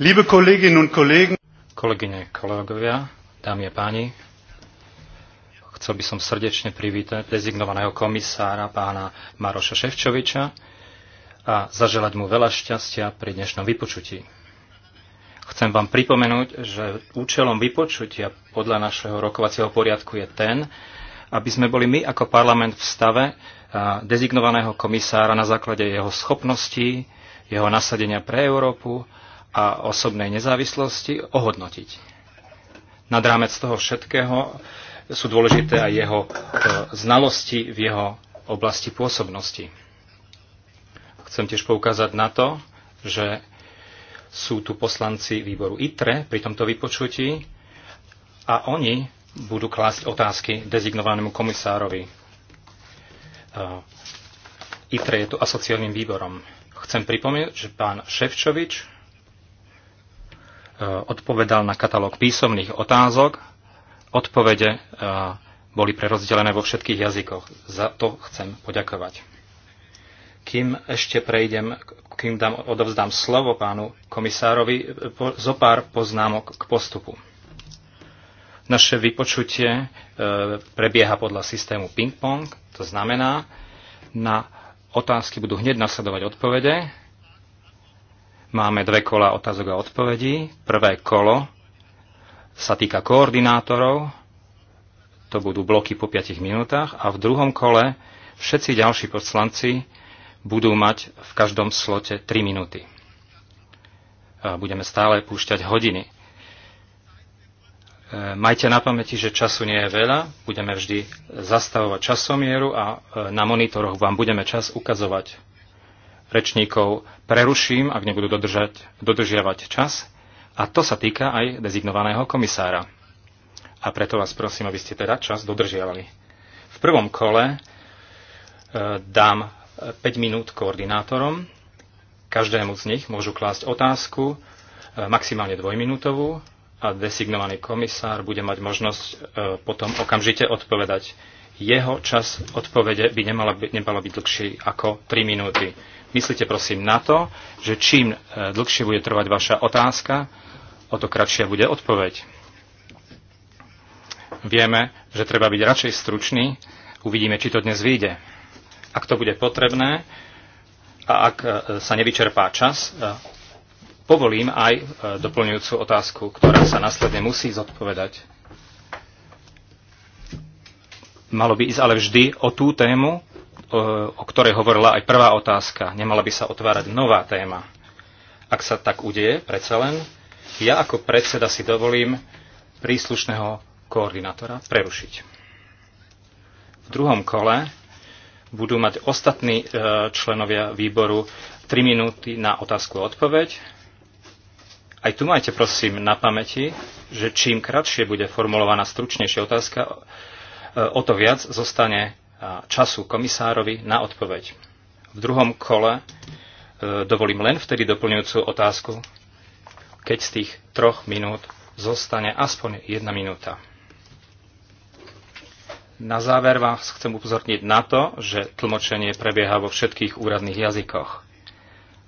Liebe Kolleginnen und Kollegen, kolegyne, kolegovia, dámy a páni, chcel by som srdečne privítať dezignovaného komisára pána Maroša Ševčoviča a zaželať mu veľa šťastia pri dnešnom vypočutí. Chcem vám pripomenúť, že účelom vypočutia podľa našeho rokovacieho poriadku je ten, aby sme boli my ako parlament v stave dezignovaného komisára na základe jeho schopností, jeho nasadenia pre Európu a osobnej nezávislosti ohodnotiť. Nad rámec toho všetkého sú dôležité aj jeho e, znalosti v jeho oblasti pôsobnosti. Chcem tiež poukázať na to, že sú tu poslanci výboru ITRE pri tomto vypočutí a oni budú klásť otázky dezignovanému komisárovi. E, ITRE je tu asociálnym výborom. Chcem pripomínať, že pán Ševčovič E, odpovedal na katalóg písomných otázok. Odpovede e, boli prerozdelené vo všetkých jazykoch. Za to chcem poďakovať. Kým ešte prejdem, kým dám, odovzdám slovo pánu komisárovi, e, po, zo pár poznámok k postupu. Naše vypočutie e, prebieha podľa systému ping-pong, to znamená, na otázky budú hneď nasledovať odpovede, Máme dve kola otázok a odpovedí. Prvé kolo sa týka koordinátorov, to budú bloky po 5 minútach a v druhom kole všetci ďalší poslanci budú mať v každom slote 3 minúty. A budeme stále púšťať hodiny. E, majte na pamäti, že času nie je veľa, budeme vždy zastavovať časomieru a e, na monitoroch vám budeme čas ukazovať rečníkov preruším, ak nebudú dodržať, dodržiavať čas. A to sa týka aj dezignovaného komisára. A preto vás prosím, aby ste teda čas dodržiavali. V prvom kole e, dám 5 e, minút koordinátorom. Každému z nich môžu klásť otázku, e, maximálne dvojminútovú, a designovaný komisár bude mať možnosť e, potom okamžite odpovedať jeho čas odpovede by nemala, by, nemala byť dlhší ako 3 minúty. Myslíte prosím na to, že čím e, dlhšie bude trvať vaša otázka, o to kratšia bude odpoveď. Vieme, že treba byť radšej stručný, uvidíme, či to dnes vyjde. Ak to bude potrebné a ak e, sa nevyčerpá čas, e, povolím aj doplňujúcu otázku, ktorá sa následne musí zodpovedať. Malo by ísť ale vždy o tú tému, e, o ktorej hovorila aj prvá otázka. Nemala by sa otvárať nová téma. Ak sa tak udeje, predsa len, ja ako predseda si dovolím príslušného koordinátora prerušiť. V druhom kole budú mať ostatní e, členovia výboru 3 minúty na otázku a odpoveď. Aj tu majte prosím na pamäti, že čím kratšie bude formulovaná stručnejšia otázka, E, o to viac zostane e, času komisárovi na odpoveď. V druhom kole e, dovolím len vtedy doplňujúcu otázku, keď z tých troch minút zostane aspoň jedna minúta. Na záver vás chcem upozorniť na to, že tlmočenie prebieha vo všetkých úradných jazykoch.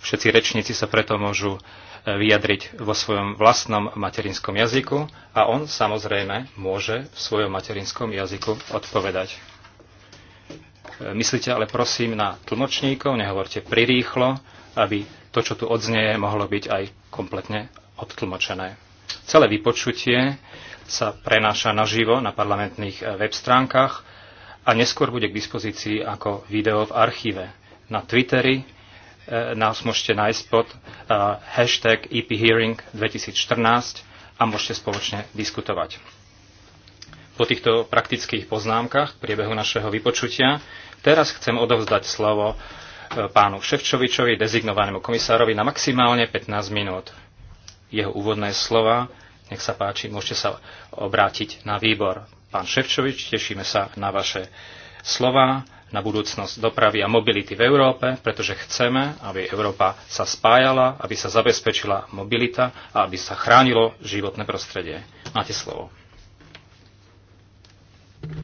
Všetci rečníci sa preto môžu vyjadriť vo svojom vlastnom materinskom jazyku a on samozrejme môže v svojom materinskom jazyku odpovedať. E, myslíte ale prosím na tlmočníkov, nehovorte prirýchlo, aby to, čo tu odznieje, mohlo byť aj kompletne odtlmočené. Celé vypočutie sa prenáša naživo na parlamentných e, web stránkach a neskôr bude k dispozícii ako video v archíve, na Twittery, Eh, nás môžete nájsť pod eh, hashtag EPHearing 2014 a môžete spoločne diskutovať. Po týchto praktických poznámkach v priebehu našeho vypočutia teraz chcem odovzdať slovo eh, pánu Ševčovičovi, dezignovanému komisárovi, na maximálne 15 minút. Jeho úvodné slova, nech sa páči, môžete sa obrátiť na výbor. Pán Ševčovič, tešíme sa na vaše slova na budúcnosť dopravy a mobility v Európe, pretože chceme, aby Európa sa spájala, aby sa zabezpečila mobilita a aby sa chránilo životné prostredie. Máte slovo.